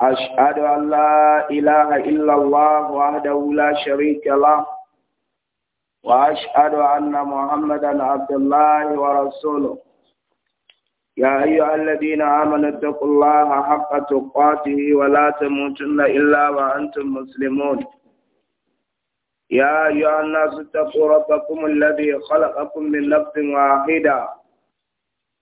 أشهد أن لا إله إلا الله وحده لا شريك له وأشهد أن محمدا عبد الله ورسوله يا أيها الذين آمنوا اتقوا الله حق تقاته ولا تموتن إلا وأنتم مسلمون يا أيها الناس اتقوا ربكم الذي خلقكم من نفس واحده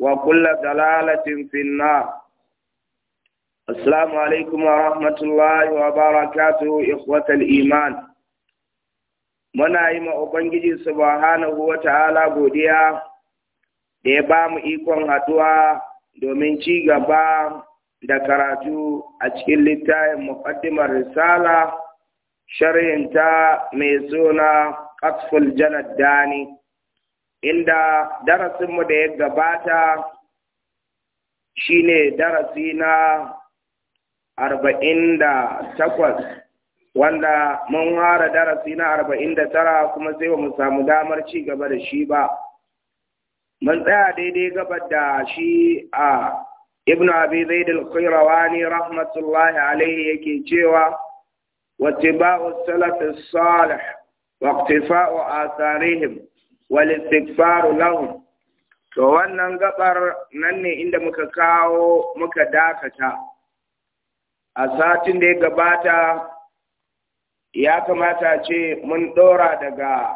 وكل ضلالة في النار السلام عليكم ورحمة الله وبركاته إخوة iman? muna yi ma Ubangiji subhanahu wa ta'ala godiya da ya ba mu ikon haduwa domin ci gaba da karatu a cikin littafin muqaddimar risala sharhinta mai suna Qasful Janad Dani inda darasinmu da ya gabata shine darasi na arba'in da takwas wanda mun hara darasi na arba'in da tara kuma sai mu samu damar ci gaba da shi ba mun tsaya daidai gabar da shi a ibn abi zaid al-qayrawani rahmatullahi alaihi yake cewa wattiba'u salaf as-salih wa iqtifa'u atharihim wal istighfaru lahum to wannan gabar nan ne inda muka kawo muka dakata a satin da ya gabata ya kamata ce mun dora daga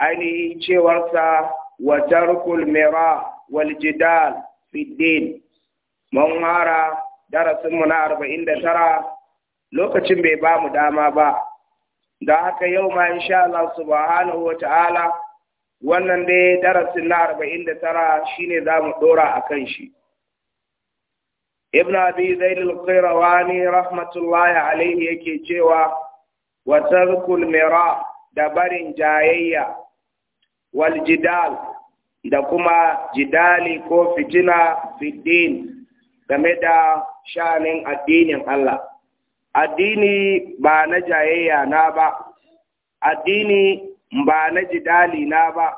ainihin cewarsa wa tarkul mira wal jidal fi din mun hara darasinmu na 49 lokacin bai ba mu dama ba da haka yau ma insha Allah subhanahu wa ta'ala wannan dai darasin na arba'in da tara shine za mu ɗora a kan shi ibn abi zaid al-qayrawani rahmatullahi alaihi yake cewa wa tarkul mira da barin jayayya wal jidal da kuma jidali ko fitina fiddin game da shanin addinin Allah addini ba na jayayya na ba addini ba na jidali na ba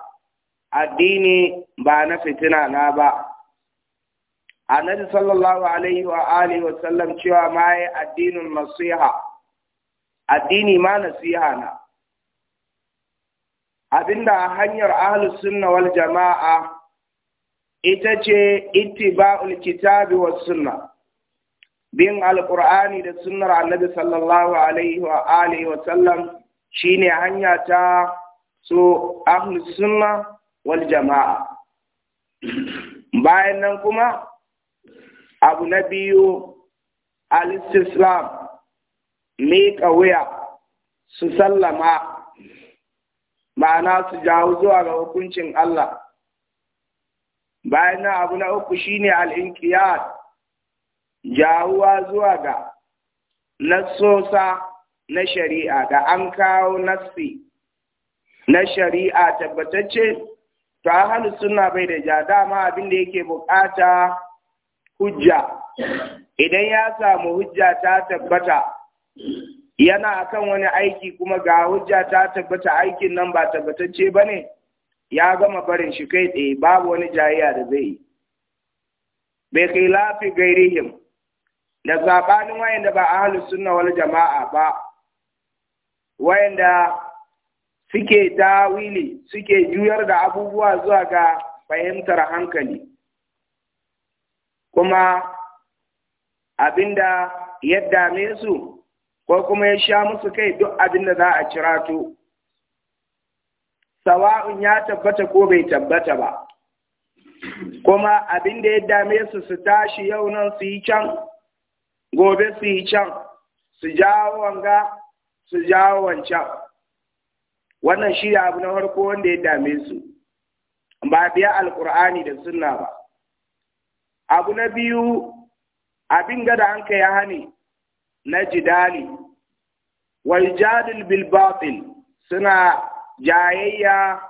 addini ba na fitina na ba annabi sallallahu alaihi wa alihi wa sallam cewa ma yi addinin nasiha addini ma nasiha na abinda hanyar ahlus sunna wal jama'a ita ce ittiba'ul kitabi was sunna bin alqur'ani da sunnar annabi sallallahu alaihi wa alihi wa sallam shine hanya ta so ahlus sunna wal jama'a bayan nan kuma abu na biyu al-istislam miƙa wuya su sallama ma'ana su jawo zuwa ga hukuncin Allah bayan nan abu na uku shine al-inqiyad jawuwa zuwa ga nasosa na shari'a da an kawo nassi na shari'a tabbatacce to ahlus sunna bai da ja dama abin da yake bukata hujja idan ya samu hujja ta tabbata yana akan wani aiki kuma ga hujja ta tabbata aikin nan ba tabbatacce ba ne ya gama barin shi kai tsaye babu wani jayiya da zai yi bai lafi gairihim da zabanin wayanda ba ahlus sunna wal jama'a ba wayanda suke tawili suke juyar da abubuwa zuwa ga fahimtar hankali kuma abinda ya dame su ko kuma ya sha musu kai duk abinda za a cirato sawa'un ya tabbata ko bai tabbata ba kuma abinda ya dame su su tashi yau nan su yi can gobe su yi can su jawo wanga su jawo wancan wannan shi abu na farko wanda ya dame su ba biya alkur'ani da sunna ba abu na biyu abin gada an kai hani na jidali wal jadil bil batil suna jayayya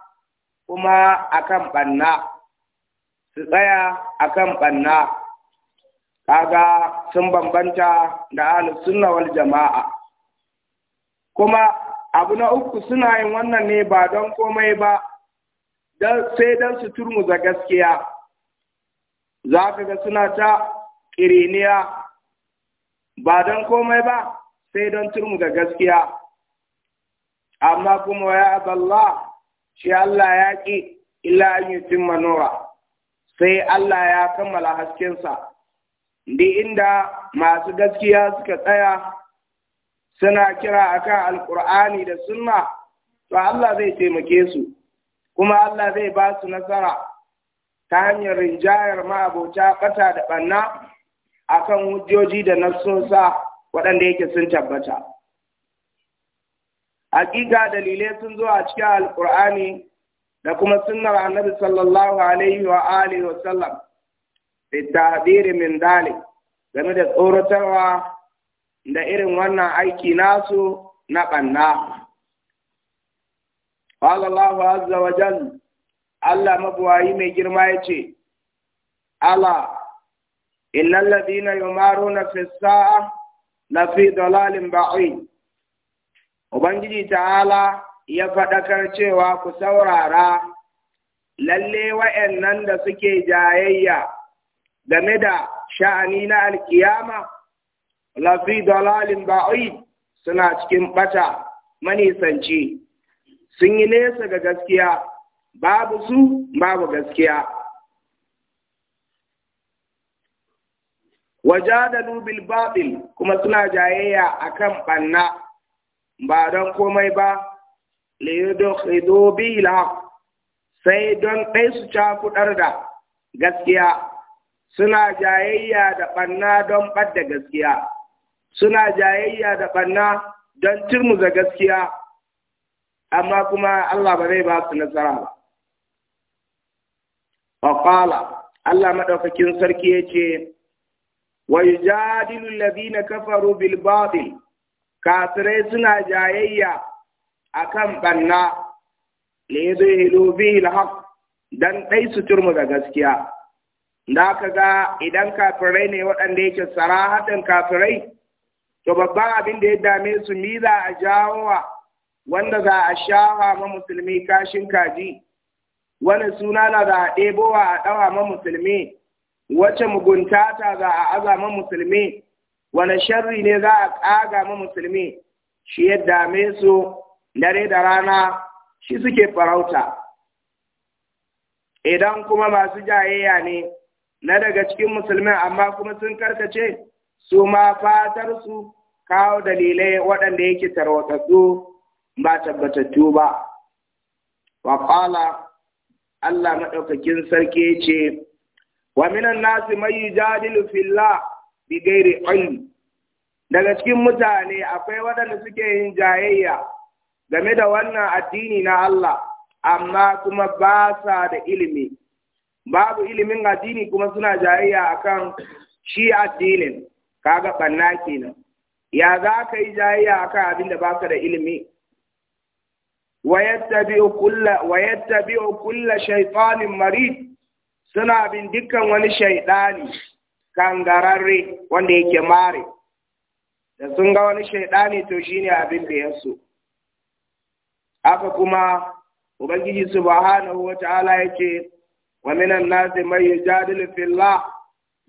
kuma akan banna su tsaya akan banna kaga sun bambanta da ahlus sunna wal jama'a kuma abu na uku suna yin wannan ne ba don komai ba sai don su turmu za gaskiya za ka ga suna ta ƙiriniya ba don komai ba sai don turmu turmuza gaskiya amma kuma ya aballa shi Allah ya ƙi illa an yi sai Allah ya kammala haskensa da inda masu gaskiya suka tsaya suna kira akan alkur'ani da sunna to Allah zai taimake su kuma Allah zai ba su nasara ta hanyar rinjayar ma'abota ɓata da ɓanna kan hujjoji da nassosa waɗanda yake sun tabbata hakika dalilai sun zo a cikin alkur'ani da kuma sunnar annabi sallallahu alaihi wa alihi wa sallam fi min dalil game da tsoratarwa da irin wannan aiki nasu na ɓanna. Qala Allahu azza wa jal Allah mabuwayi mai girma ya ce. Allah innal yi maro na sa'a na fi dalalin ba'id Ubangiji ta'ala ya faɗakar cewa ku saurara lalle wa'yannan da suke jayayya game da sha'ani na alkiyama lafi dalalin ba'id suna cikin bata manisanci sun yi nesa ga gaskiya babu su babu gaskiya da bil babil kuma suna jayayya akan banna ba don komai ba liyudkhidu bil sai don ɗai su cakuɗar da gaskiya suna jayayya da ɓanna don ɓadda gaskiya suna jayayya da ɓanna don da gaskiya amma kuma Allah ba zai ba su nasara ba. Faƙala, Allah maɗaukakin sarki ya ce, wa labi na kafaru bil batil kafirai suna jayayya a akan ɓanna zai yi bihi al don ɗai su turmu da gaskiya da ka ga idan kafirai ne waɗanda yake sarahatan kafirai to babban abin da ya dame su ni za a jawowa wanda za a shawa ma musulmi kashin kaji wani suna na za a ɗebowa a ɗawa ma musulmi wace mugunta ta za a aza ma musulmi wani sharri ne za a ƙaga ma musulmi shi ya dame su dare da rana shi suke farauta idan kuma masu jayayya ne na daga cikin musulmin amma kuma sun karkace su ma fatar su kawo dalilai waɗanda yake su, ba tabbatattu ba wa Allah maɗaukakin sarki ce. wa minan nasi mai jadilu filla bi gairi ilm daga cikin mutane akwai waɗanda suke yin jayayya game da wannan addini na Allah amma kuma ba sa da ilimi babu ilimin addini kuma suna jayayya akan shi addinin kaga banna kenan ya za ka yi jayayya akan abin da baka da ilimi wa yattabi'u kulla wa shaytanin marid suna bin dukkan wani kan kangararre wanda yake mare da sun ga wani shaytani to shine abin da yaso haka kuma ubangiji subhanahu wata'ala yake wa minan nasi mai yujadilu fillah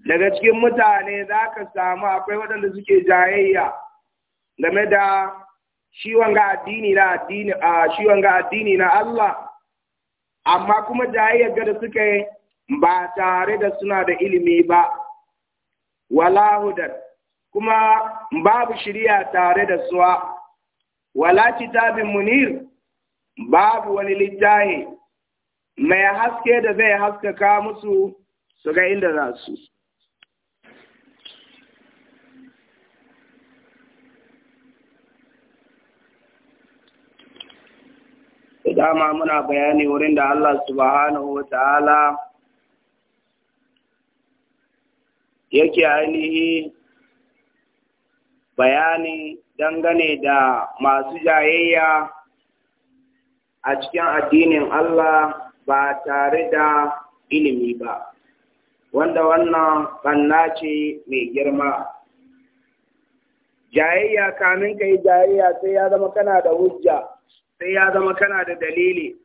daga cikin mutane za ka samu akwai waɗanda suke jayayya game da shi wanga addini na Allah amma kuma jayayyar da suke ba tare da suna da ilimi ba wala kuma babu shiriya tare da suwa wala kitabin munir babu wani littafi mai haske da zai haskaka musu su ga inda za su dama muna bayani wurin da Allah subhanahu wa ta'ala yake ainihi bayani dangane da masu jayayya a cikin addinin Allah ba tare da ilimi ba, wanda wannan kanna ce mai girma. Jayayya kamin ka yi jayayya sai ya zama kana da hujja. sai ya zama kana da dalili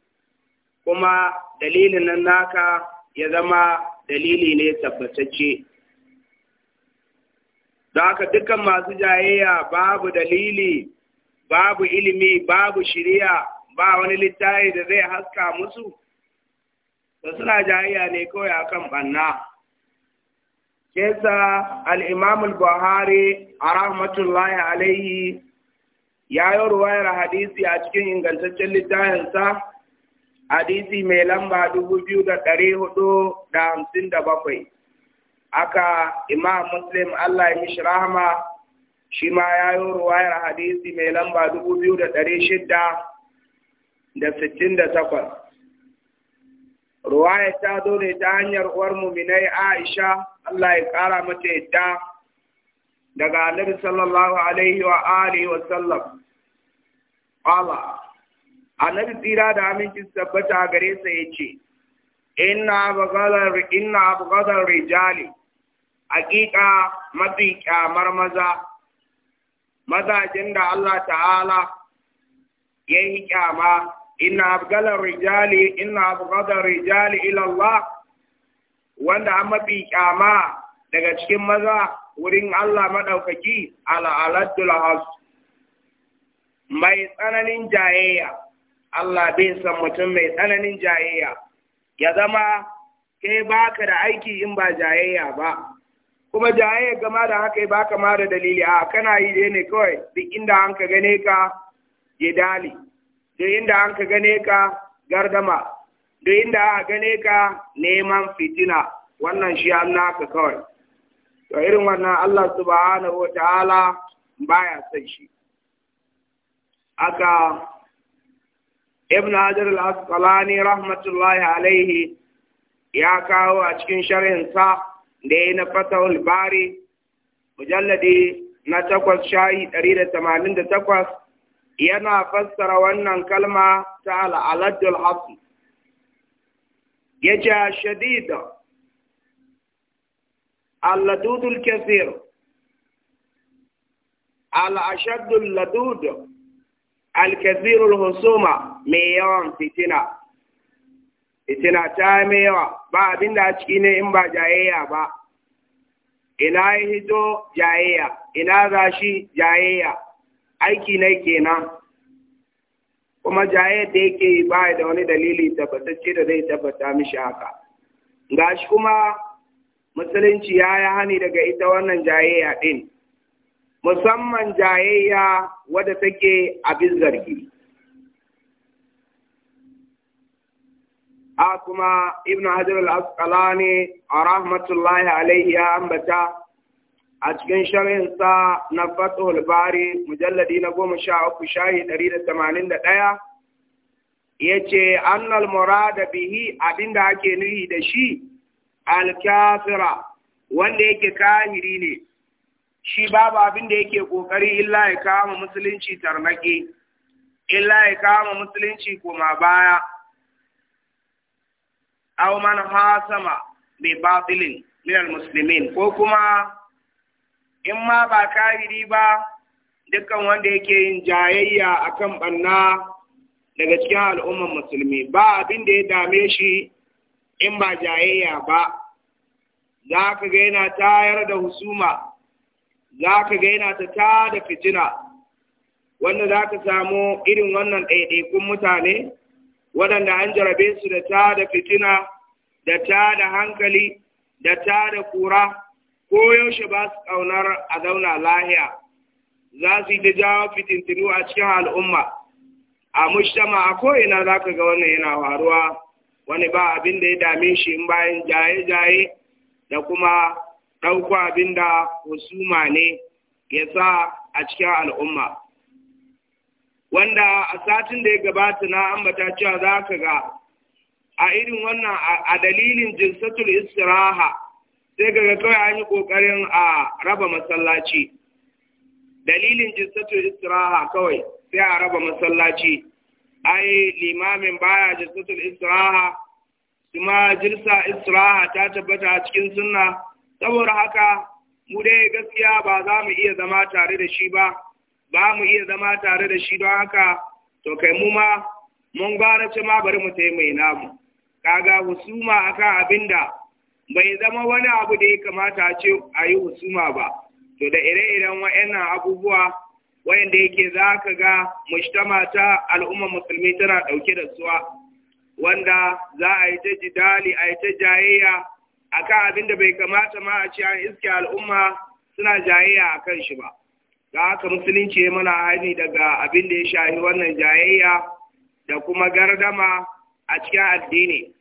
kuma dalilin nan naka ya zama dalili ne tabbatacce da haka dukkan masu jayayya babu dalili babu ilimi babu shirya ba wani littafi da zai haska musu da suna jayayya ne kawai akan banna kesa al-imam buhari a rahmatullahi alaihi ya yi ruwayar hadisi a cikin ingantaccen littafinsa hadisi mai lamba dubu biyu da ɗari hudu da hamsin da bakwai aka imam muslim allah ya mishi rahama shi ma ya yi ruwayar hadisi mai lamba dubu biyu da ɗari shida da sittin da takwas ruwayar ta zo ne ta hanyar uwar mu, minai aisha allah ya ƙara mata yadda daga annabi sallallahu alaihi wa alihi wa sallam qala annabi tsira da aminci tabbata gare sa yace inna bagalar inna bagalar rijali hakika mafi kyamar maza mazajen da Allah ta'ala yayi kyama inna bagalar rijali inna bagalar rijali ila Allah wanda an mafi kyama daga cikin maza wurin Allah maɗaukaki al'aladdul hasu. Mai tsananin jayayya, Allah bai san mutum mai tsananin jayayya, ya zama kai baka da aiki in ba jayayya ba. Kuma jayayya gama da haka ba kama da dalili a kana yi dai ne kawai duk inda an ka gane ka ya dali, duk inda an ka gane ka gardama, duk inda aka gane ka neman fitina, wannan shi an naka kawai. to irin wannan Allah subhanahu wa ta'ala baya son shi aka ibn hajar al-asqalani rahmatullahi alaihi ya kawo a cikin sharhin sa da ya na fatahul bari mujalladi na takwas shayi ɗari yana fassara wannan kalma ta al-aladul ya ce shadida اللدود الكثير الأشد اللدود الكثير الهصومة ميوان فتنة فتنة تاميوة ba abin a ciki ne in ba jayayya ba ina ya hito ina za shi jayayya aiki ne kenan kuma jayayyar da yake yi ba da wani dalili tabbatacce da zai tabbata mishi haka gashi kuma musulunci ya yi hani daga ita wannan jayayya ɗin, musamman jayayya wadda take abin zargi. A kuma Ibn Hajar al ne a rahmatullahi alaihi ya ambata a cikin sharhinsa na Fathul Bari mujalladi na goma sha uku shahi ɗari da tamanin da ɗaya ya ce annal murada bihi abin da ake nuhi da shi alkafira wanda yake kahiri ne shi babu abin da yake kokari illa ya kama musulunci tarmaki illa ya kama musulunci koma baya aw man hasama bi batilin min almuslimin ko kuma in ma ba kahiri ba dukkan wanda yake yin jayayya akan banna daga cikin al'ummar musulmi ba abin da ya dame shi in ba jayayya ba za ka ga yana tayar da husuma za ka ga yana ta da fitina wanda za ka samu irin wannan ɗaiɗaikun mutane waɗanda an jarabe su da ta da fitina da ta da hankali da ta da kura ko yaushe ba su ƙaunar a zauna lahiya za su yi ta jawo fitintinu a cikin al'umma a mushtama a ko'ina za ka ga wannan yana faruwa wani ba abin da ya dame shi in bayan jaye-jaye da kuma ɗauko abin da husuma ne ya sa a cikin al'umma. Wanda a satin da ya gabata na ambata cewa za ka ga a irin wannan a dalilin jinsatul istiraha sai ga kawai an yi ƙoƙarin a raba masallaci. Dalilin jinsatul istiraha kawai sai a raba masallaci. ai limamin baya jirsatul israha kuma jirsa israha ta tabbata a cikin sunna saboda haka mu dai gaskiya ba za mu iya zama tare da shi ba ba mu iya zama tare da shi don haka to kai mu ma mun gara ce ma bari mu tai mai namu kaga husuma akan abinda bai zama wani abu da ya kamata a ce a yi husuma ba to da ire-iren wa'annan abubuwa wayanda yake za ka ga mujtama ta al'ummar musulmi tana ɗauke da suwa wanda za a yi ta jidali a yi ta jayayya a kan abin da bai kamata ma a ce an iske al'umma suna jayayya a kan shi ba ga ka musulunci ya mana hani daga abin da ya shahi wannan jayayya da kuma gardama a cikin addini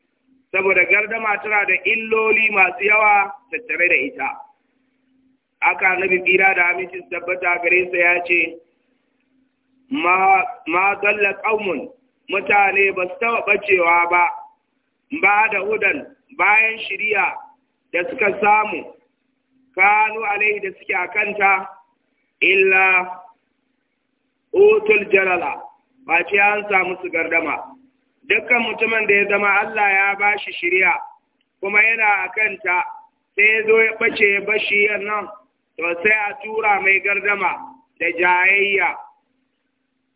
saboda gardama tana da illoli masu yawa tattare da ita aka annabi tsira da aminci su tabbata gare sa ya ce ma zalla qaumun mutane ba su taba bacewa ba ba da hudan bayan shirya da suka samu kanu alai da suke akanta illa utul jalala ba ce an samu su gardama dukkan mutumin da ya zama Allah ya ba shi shiriya kuma yana akanta sai ya zo ya bace ya bashi nan to sai a tura mai gardama da jayayya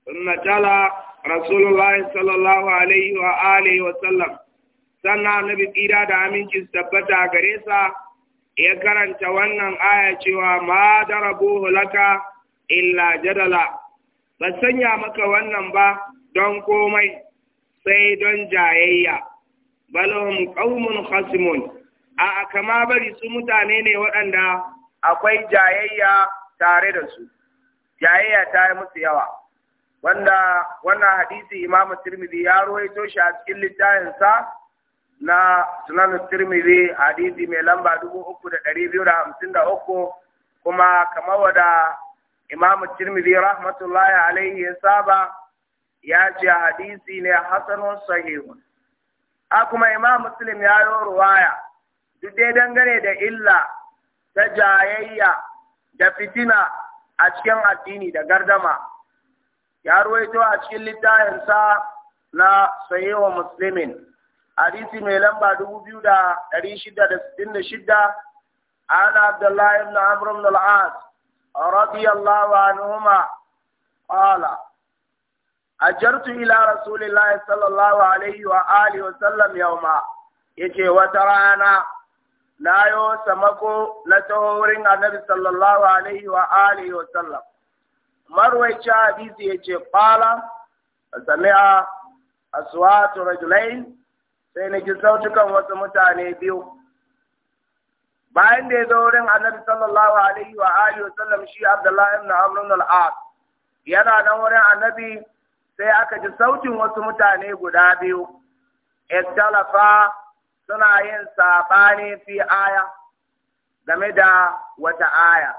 sunna tala rasulullah sallallahu alaihi wa alihi wa sallam sannan nabi kira da aminci su tabbata gare sa ya karanta wannan aya cewa ma darabuhu laka illa jadala ba sanya maka wannan ba don komai sai don jayayya balum qaumun khasimun a kama bari su mutane ne waɗanda akwai jayayya tare da su jayayya ta yi musu yawa wanda wannan hadisi imamu tirmidhi ya ruwaito shi a cikin littafinsa na sunan tirmidhi hadisi mai lamba dubu uku da ɗari biyu da hamsin da uku kuma kamar wada imamu tirmidhi rahmatullahi alaihi ya saba ya ce hadisi ne hasanun sahihun a kuma imam muslim ya yi ruwaya duk dai dangane da illa ta jayayya da fitina a cikin addini da gardama ya ruwaito a cikin littafinsa na sahihu muslimin hadisi mai lamba 2666 an abdullahi ibn amr ibn al-as radiyallahu anhuma qala أجرت إلى رسول الله صلى الله عليه وآله وسلم يوما يجي وترانا Na yo samako na wurin annabi sallallahu alaihi wa alihi wa sallam marwaici hadisi ya ce kwala sami'a aswatu rajulain sai na ji sautukan wasu mutane biyu bayan da ya zo wurin annabi sallallahu alaihi wa alihi wa sallam shi abdullahi ibn amr ibn al-as yana nan wurin annabi sai aka ji sautin wasu mutane guda biyu ittalafa suna yin saɓani fi aya game da wata aya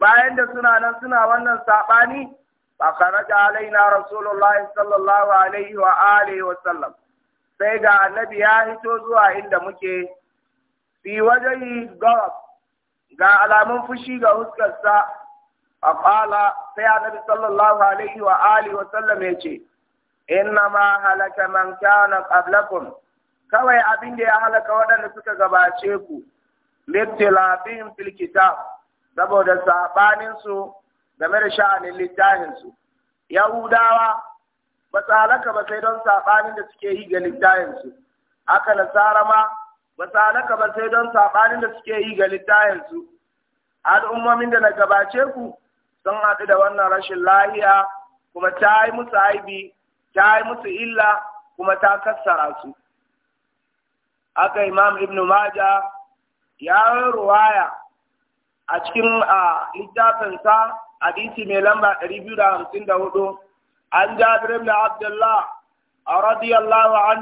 bayan da suna nan suna wannan saɓani A alaina Rasulullahi sallallahu Alaihi wa alihi wa sallam sai ga annabi ya hito zuwa inda muke fi wajen gawab ga alamun fushi ga huskarsa a kala sai annabi sallallahu alaihi wa alihi wa sallam ya ce inna ma halaka man kana qablakum kawai abin da ya halaka waɗanda suka gabace ku littilafin fil kitab saboda saɓaninsu game da sha'anin littafinsu yahudawa ba su halaka ba sai don saɓanin da suke yi ga littafinsu aka nasara ma ba su halaka ba sai don saɓanin da suke yi ga littafinsu al'ummomin da na gabace ku sun haɗu da wannan rashin lahiya kuma ta yi musu aibi ta yi musu illa kuma ta kassara su aka imam ibn maja ya ruwaya a cikin littafin sa hadisi mai lamba 254 an jabir ibn abdullah radiyallahu an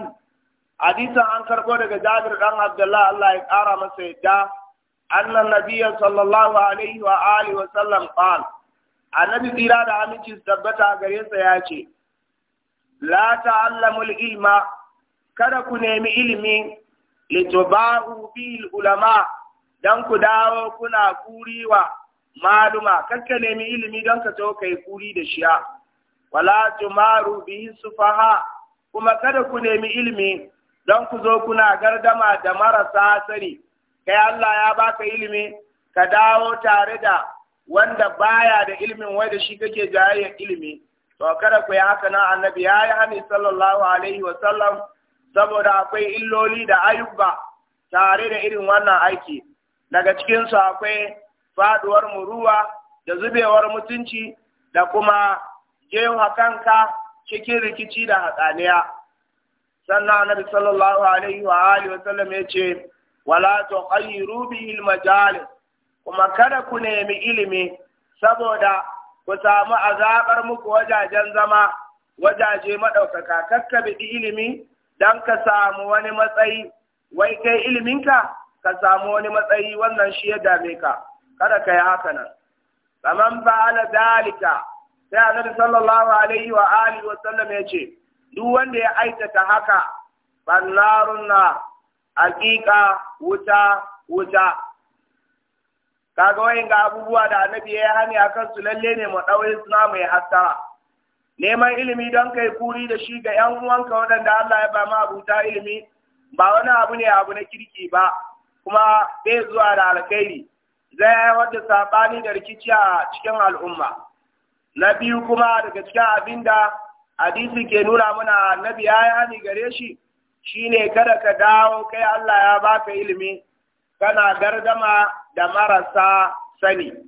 hadisan an karko daga jabir dan abdullah Allah ya kara masa yadda annan nabiyya sallallahu alaihi wa alihi wa sallam qal annabi tsira da aminci tabbata gare sa ya ce la ta'allamul ilma kada ku nemi ilimi litubahu bil ulama dan ku dawo kuna kuriwa maluma ka nemi ilimi don ka zo kai kuri da shiya wala tumaru bi sufaha kuma kada ku nemi ilimi don ku zo kuna gardama da marasa sani kai Allah ya baka ilimi ka dawo tare da wanda baya da ilimin wai da shi kake jayayyar ilimi to kada ku yi haka nan annabi ya yi hani sallallahu alaihi wa sallam saboda akwai illoli da ayyuka tare da irin wannan aiki daga cikinsu akwai faduwar muruwa da zubewar mutunci da kuma jewa kanka cikin rikici da hatsaniya sannan annabi sallallahu alaihi wa alihi wa sallam ya ce wala tughayyiru bihi al kuma kada ku nemi ilimi saboda ku samu azabar muku wajajen zama wajaje madaukaka kakkabi ilimi don ka samu wani matsayi wai kai iliminka ka samu wani matsayi wannan shi ya dame ka kada ka yi haka nan kaman ala dalika sai annabi sallallahu alaihi wa alihi wa sallam ya ce duk wanda ya aikata haka fannarun na hakika wuta wuta kaga wayin ga abubuwa da annabi ya yi hani akan su lalle ne mu ɗaure suna mai hasara. neman ilimi don kai kuri da shi ga ‘yan uwanka waɗanda Allah ya ba ma abuta ilimi ba wani abu ne abu na kirki ba kuma bai zuwa da alkhairi zai haifar da saɓani da rikici a cikin al'umma na biyu kuma daga cikin abin da hadisi ke nuna mana annabi ya yi hani gare shi shi ne kada ka dawo kai Allah ya baka ilimi kana gardama da marasa sani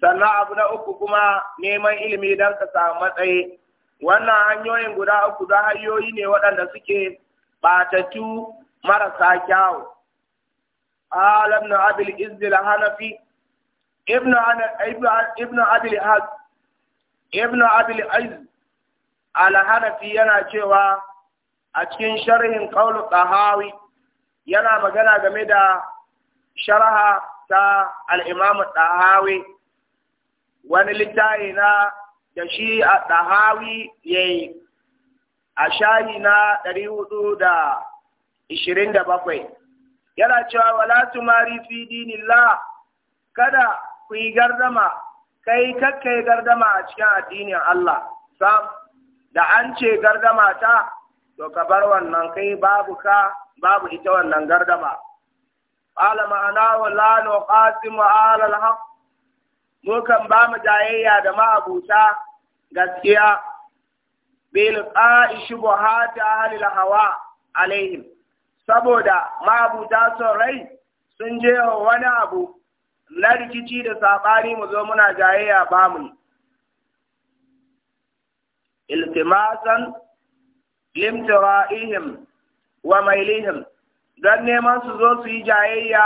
sannan abu na uku kuma neman ilimi don ka samu matsayi wannan hanyoyin guda uku za hanyoyi ne waɗanda suke ɓatattu marasa kyawu alam na abil hanafi ibnu abil haz abil aiz al-hanafi yana cewa a cikin sharhin qaulu qahawi yana magana game da sharha ta al-imam qahawi wani littafi na da shi a ɗahawi ya yi a shahi na ɗari hudu da ishirin da bakwai yana cewa wala tumari fi dinillah kada ku yi gardama kai kakkai gardama a cikin addinin Allah sam da an ce gardama ta to ka bar wannan kai babu ka babu ita wannan gardama qala ma'ana wala nuqasimu ala al-haqq mukan ba mu jayayya da ma'abuta gaskiya bil qa'i shubuhati ahli hawa alaihim saboda ma'abuta son rai sun je wani abu na rikici da saɓani mu zo muna jayayya ba mu iltimasan limtira'ihim wa mailihim don neman su zo su yi jayayya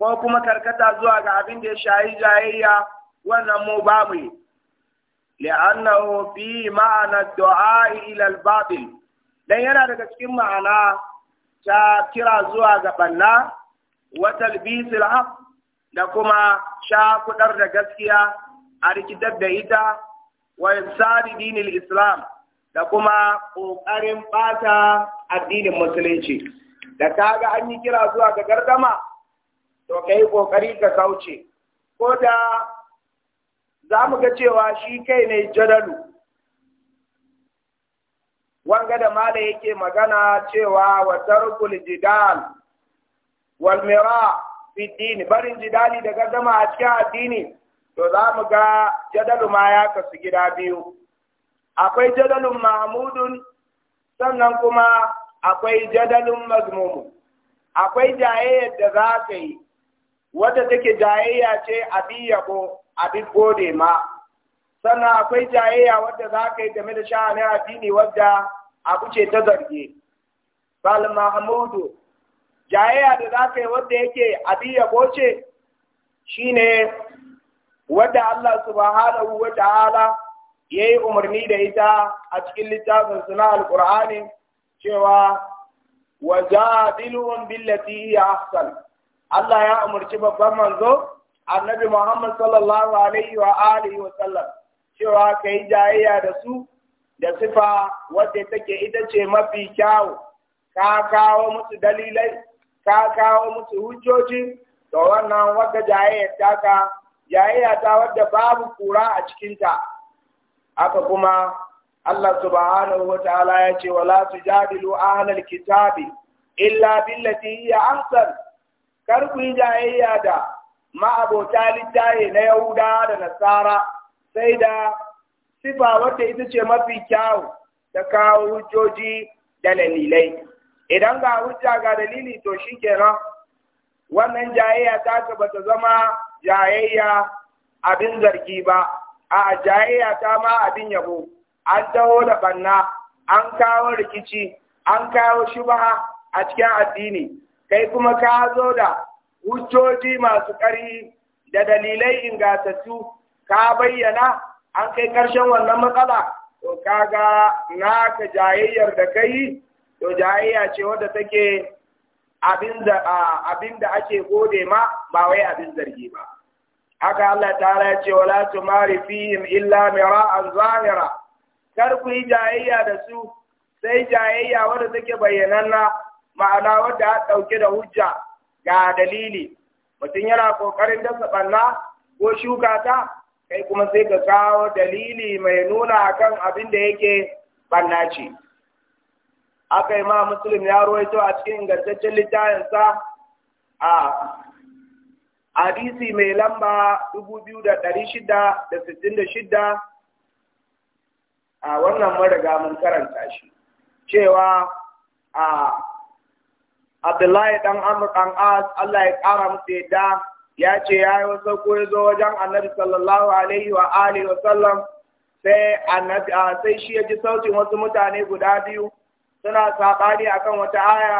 ko kuma karkata zuwa ga abin da ya shayi jayayya wannan mu babu yi li'annahu fi ma'ana du'a ila al-batil dan yana daga cikin ma'ana ta kira zuwa ga banna wa talbis al da kuma sha kudar da gaskiya a rikitar da ita wa insari dinil islam da kuma ƙoƙarin ɓata addinin musulunci da kaga an yi kira zuwa ga gardama to ka yi ƙoƙari ka kauce ko da za mu ga cewa shi kai ne jadalu wanga da mala yake magana cewa wa tarkul jidal wal mira fi dini barin jidali daga zama a cikin addini to za mu ga jadalu ma ya kasu gida biyu akwai jadalun mahmudun sannan kuma akwai jadalun mazmumu akwai jaye yadda za ka yi wadda take jayayya ce abin yabo abin gode ma sannan akwai jayayya wadda za ka yi game da sha'anin addini wadda abu ce ta zarge bal mahmudu jayayya da za ka yi wadda yake abin yabo ce shine wadda Allah subhanahu wa ta'ala ya yi umarni da ita a cikin littafin suna alkur'ani cewa wa jadilhum billati ya ahsan Allah ya umarci babban manzo annabi Muhammad sallallahu alaihi wa alihi wa sallam cewa ka jayayya da su da sifa wadda take ita ce mafi kyawu ka kawo musu dalilai ka kawo musu hujjoji to wannan wadda jayayya taka jayayya ta wadda babu kura a cikinta haka kuma Allah subhanahu wa ta'ala ya ce wala tujadilu ahlal kitabi illa billati hiya ahsan kar ku yi jayayya da ma'abota littaye na Yahuda da Nasara sai da sifa wata ita ce mafi kyawu da kawo hujjoji da dalilai. Idan ga hujja ga dalili to shi kenan wannan jayayya ta ka bata zama jayayya abin zargi ba, a jayayya ta ma abin yabo, an taho da banna, an kawo rikici, an kawo shubaha a cikin addini. kai kuma ka zo da hujjoji masu ƙari da dalilai ingatattu ka bayyana an kai ƙarshen wannan matsala to kaga naka jayayyar da kai to jayayya ce wadda take abin da ake gode ma ba wai abin zargi ba haka Allah ta ya ce wala tumari fihim illa mira'an zahira kar ku yi jayayya da su sai jayayya wadda take bayyananna ma'ana wanda ya ɗauke da hujja ga dalili mutum yana ƙoƙarin dasa ɓanna ko shuka ta kai kuma sai ka kawo dalili mai nuna akan abin da yake ɓanna ce aka yi ma musulun ya ruwaito a cikin ingantaccen littafinsa a hadisi mai lamba 2666 a wannan mun karanta shi cewa a Abdullahi dan Amr dan As Allah ya kara musu yadda ya ce ya yi wasu ko zo wajen Annabi sallallahu alaihi wa alihi wa sallam sai Annabi ah, sai shi ya ji sautin wasu mutane guda biyu suna saɓani akan wata aya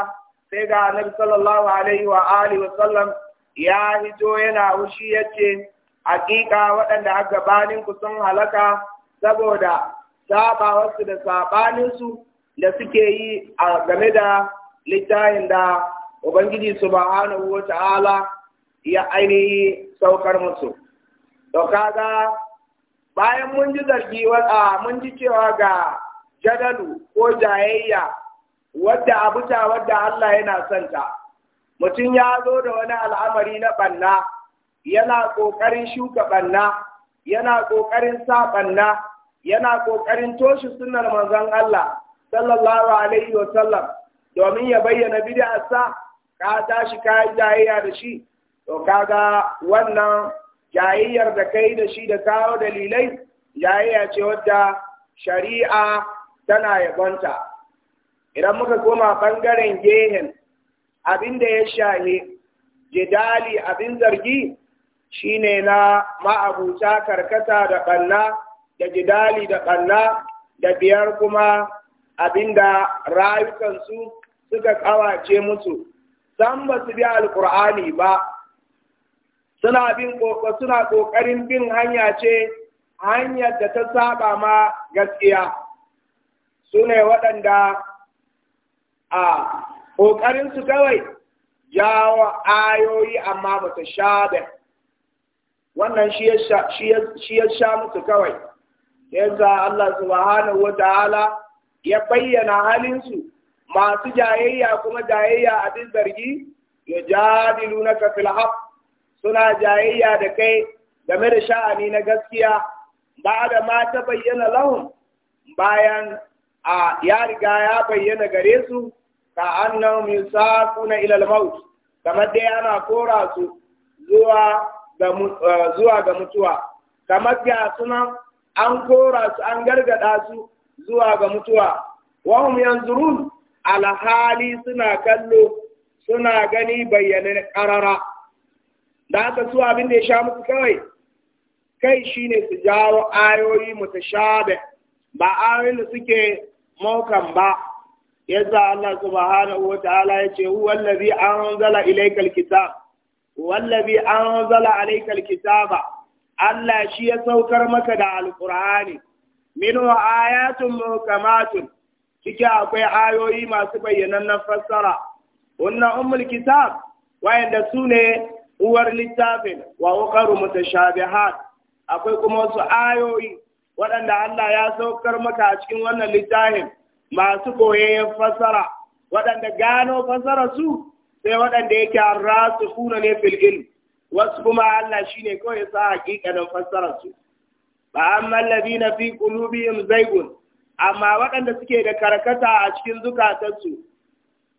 sai ga Annabi sallallahu alaihi wa alihi wa sallam ya hito yana hushi yace hakika waɗanda aka banin ku sun halaka saboda wasu da saɓaninsu da suke yi a game da littafin da ubangiji subhanahu wa ta'ala ya ainihi saukar musu to kaga bayan mun ji zargi wata mun ji cewa ga jadalu ko jayayya wadda abuta wadda Allah yana santa mutum ya zo da wani al'amari na ɓanna, yana ƙoƙarin shuka ɓanna, yana ƙoƙarin sa ɓanna, yana ƙoƙarin toshe sunnar manzon Allah sallallahu alaihi wa sallam domin ya bayyana bid'arsa ka tashi ka yi jayayya da shi to kaga wannan jayayyar da kai da shi da kawo dalilai jayayya ce wadda shari'a tana yabonta idan muka koma bangaren gehen abin da ya shaye jidali abin zargi shine na ma'abuta karkata da ɓanna da jidali da ɓanna da biyar kuma abin da rayukansu suka kawace musu san ba su bi alkur'ani ba suna bin suna kokarin bin hanya ce hanyar da ta saba ma gaskiya su ne waɗanda a ƙoƙarinsu kawai jawo ayoyi amma ba su sha wannan shi ya sha musu kawai Yanzu Allah subhanahu wa ta'ala ya bayyana halinsu masu jayayya kuma jayayya abin zargi yujadilunaka na haqq suna jayayya da kai game da sha'ani na gaskiya ba da ma ta bayyana lahum bayan a ya riga ya bayyana gare su ka annahum yusaquna ila al-maut kamar dai ana kora su zuwa ga zuwa ga mutuwa kamar ga suna an kora su an gargada su zuwa ga mutuwa wa hum yanzurun alhali suna kallo suna gani bayyana ƙarara da aka su abin da ya sha musu kawai kai shine su jawo ayoyi mutashabe ba ayoyin da suke maukan ba yadda Allah subhanahu wa ta'ala ya ce huwa allazi anzala ilaykal kitab huwa allazi anzala alaykal kitaba Allah shi ya saukar maka da alqur'ani minhu ayatun muhkamatun ciki akwai ayoyi masu bayyanannen fassara wannan ummul kitab wayanda su ne uwar littafin wa uqaru mutashabihat akwai kuma wasu ayoyi waɗanda Allah ya saukar maka a cikin wannan littafin masu koyayyen fassara waɗanda gano fassara su sai waɗanda yake arrasu kuna ne fil ilm wasu kuma Allah shine kawai sa hakikanin fassara su ba amma alladhina fi qulubihim zaygun amma waɗanda suke da karkata a cikin zukatansu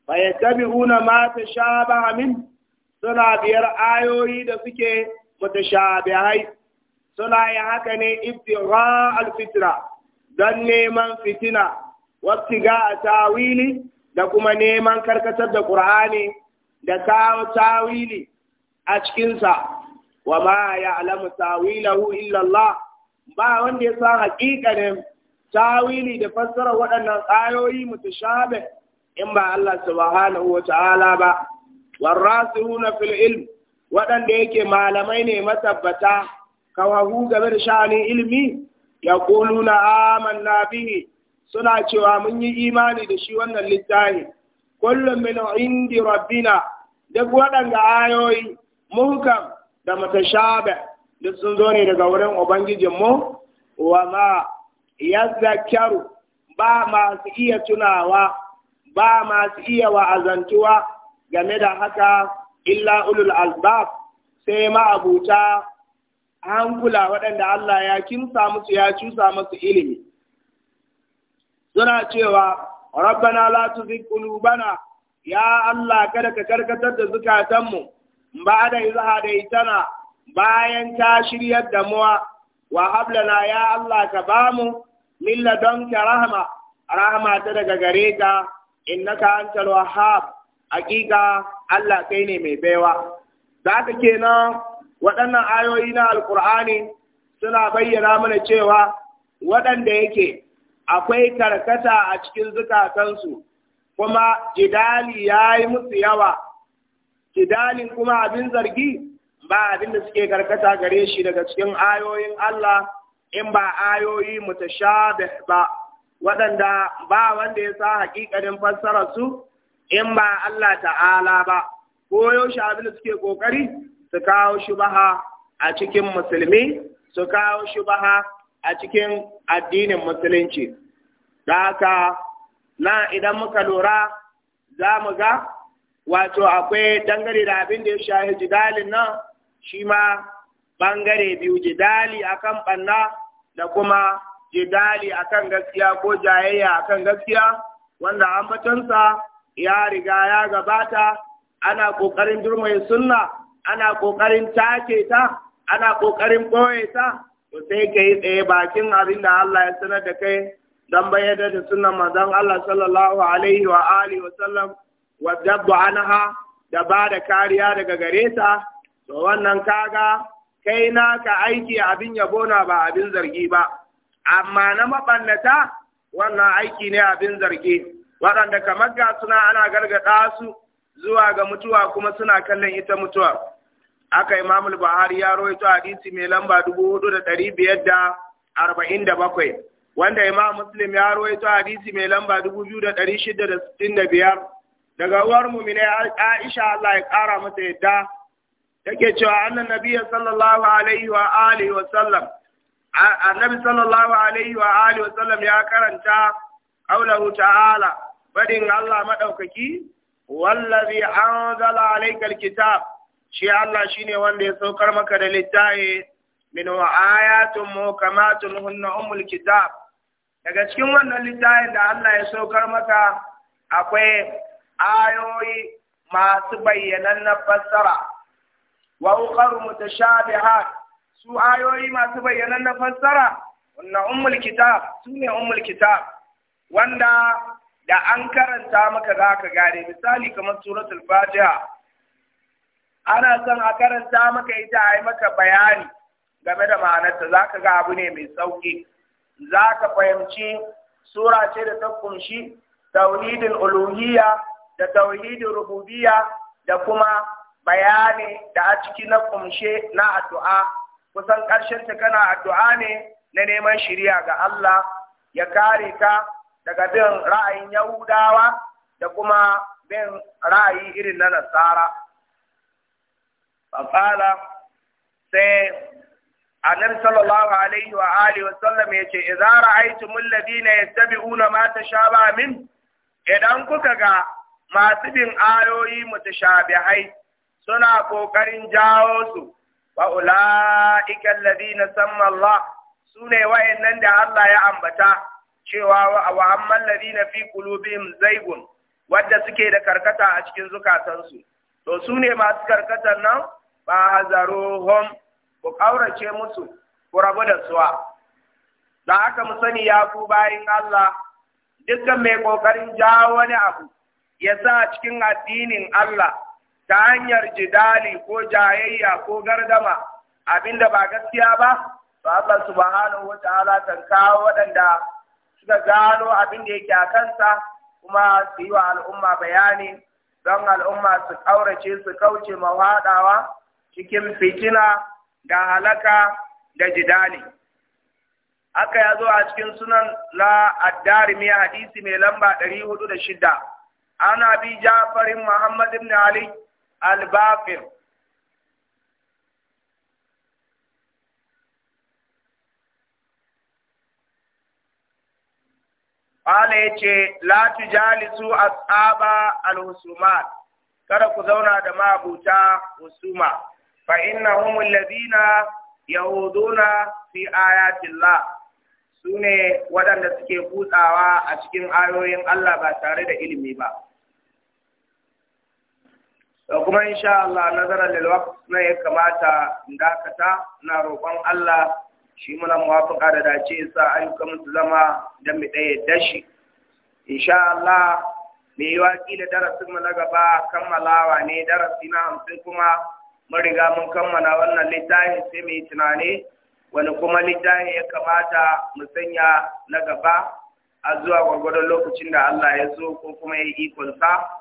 fa yattabi'una ma ba min suna biyar ayoyi da suke mutashabihai suna yi haka ne ibtigha al alfitra don neman fitina ga a tawili da kuma neman karkatar da ƙur'ani da kawo tawili a cikinsa wa ma ya alamu tawilahu illallah ba wanda ya san haƙiƙanin tawili da fassara waɗannan ayoyi mutashabe in ba Allah subhanahu wa ta'ala ba warasihuna fil ilm waɗanda yake malamai ne matabbata kawahu game da sha'anin ilmi yaquluna amanna bihi suna cewa mun yi imani da shi wannan littafi kullum min indi rabbina duk waɗanda ayoyi muhkam da mutashabe duk sun zo ne daga wurin ubangijinmu wa ma yazakkaru ba masu iya tunawa ba masu iya wa'azantuwa game da haka illa ulul albab sai ma'abuta hankula waɗanda Allah ya kimsa musu ya cusa musu ilimi suna cewa rabbana la tuzigh qulubana ya Allah kada ka karkatar da zukatanmu ba da izha da itana bayan ta shiryar da mu wa hablana ya Allah ka bamu min ladunka rahma rahma ta daga gare ka innaka antal wahhab hakika Allah kai ne mai baiwa zaka kenan waɗannan ayoyi na alkur'ani suna bayyana mana cewa waɗanda yake akwai karkata a cikin zukatansu kuma jidali ya yi musu yawa jidalin kuma abin zargi ba abinda suke karkata gare shi daga cikin ayoyin Allah in ba ayoyi mutashabih ba waɗanda ba wanda ya sa hakikanin fassarar su in ba Allah ta'ala ba ko yaushe abin da suke kokari su kawo shubaha a cikin musulmi su kawo shubaha a cikin addinin musulunci da haka na idan muka lura za mu ga wato akwai dangane da abin da ya shahi jidalin nan shi ma ɓangare biyu jidali akan ɓanna da kuma jidali akan gaskiya ko jayayya akan gaskiya wanda ambatonsa ya riga ya gabata ana ƙoƙarin durmai sunna ana ƙoƙarin take ta ana ƙoƙarin ɓoye ta to sai ka yi tsaye bakin abin da Allah ya sanar da kai don bayyana da sunan manzon Allah sallallahu alaihi wa alihi wa sallam wa Dabba anha da ba da kariya daga gare ta to wannan kaga kai ka aiki abin yabo na ba abin zargi ba amma na mabannata wannan aiki ne abin zargi waɗanda kamar ga suna ana gargaɗa su zuwa ga mutuwa kuma suna kallon ita mutuwa aka imamul buhari ya rawaito hadisi mai lamba dubu hudu da ɗari biyar da arba'in da bakwai wanda imam muslim ya rawaito hadisi mai lamba dubu biyu da ɗari shida da sittin da biyar daga uwar mu ne aisha allah ya kara mata yadda take cewa annan nabiya sallallahu alaihi wa alihi wa sallam annabi sallallahu alaihi wa alihi wa sallam ya karanta qaulahu ta'ala badin Allah madaukaki wallazi anzala alayka alkitab shi Allah shine wanda ya saukar maka da littafi min wa ayatun muhkamatun hunna umul kitab daga cikin wannan littafin da Allah ya saukar maka akwai ayoyi masu bayyanan na fassara wa ukhar mutashabihat su ayoyi masu bayyanan na fassara na ummul kitab sune ummul kitab wanda da an karanta maka za ka gane misali kamar suratul fatiha ana son a karanta maka ita a yi maka bayani game da ma'anarta za ka ga abu ne mai sauƙi za ka fahimci sura ce da ta kunshi tauhidin uluhiyya da tauhidin rububiyya da kuma bayani da a ciki na kumshe na addu'a kusan ƙarshen ta kana addu'a ne na neman shiriya ga Allah ya kare ka daga bin ra'ayin Yahudawa da kuma bin ra'ayi irin na Nasara faqala sai annabi sallallahu alaihi wa alihi wa sallam yace idza ra'aytumul alladhina yattabi'una ma tashaba min idan kuka ga masu bin ayoyi mutashabihai suna ƙoƙarin jawo su wa ula'ikan ladina samma Allah sune ne da Allah ya ambata cewa wa amman ladina fi qulubihim zaigun wadda suke da karkata a cikin zukatansu to sune masu karkatar nan ba hazaruhum ku ƙaurace musu ku rabu da suwa da aka musani ya ku bayin Allah dukkan mai ƙoƙarin jawo wani abu ya sa cikin addinin Allah ta hanyar jidali ko jayayya ko gardama abinda ba gaskiya ba to Allah subhanahu wa ta'ala kan kawo waɗanda suka gano abin da yake a kansa kuma su yi wa al'umma bayani don al'umma su ƙaurace su kauce mawaɗawa cikin fitina da halaka da jidali. Aka ya zo a cikin sunan la mai hadisi mai lamba 406 ana bi jafarin Muhammad ibn Ali albafin Ƙwale ya ce, Latu jalisu Asaba, tsaba alhusumat, kada ku zauna da mabuta husuma, fa inna humul ladina yahuduna fi ayatillah su waɗanda suke kutsawa a cikin ayoyin Allah ba tare da ilimi ba. kuma insha Allah nazarar lilwaq na ya kamata in dakata na roƙon Allah shi muna muwafaka da dace sa ayyukan su zama da mu ɗaya dashi insha Allah me yi waƙi da darasin mu na gaba kammalawa ne darasi na hamsin kuma mun riga mun kammala wannan littafi sai mu yi tunani wani kuma littafi ya kamata mu sanya na gaba a zuwa gwargwadon lokacin da Allah ya so ko kuma ya yi ikonsa.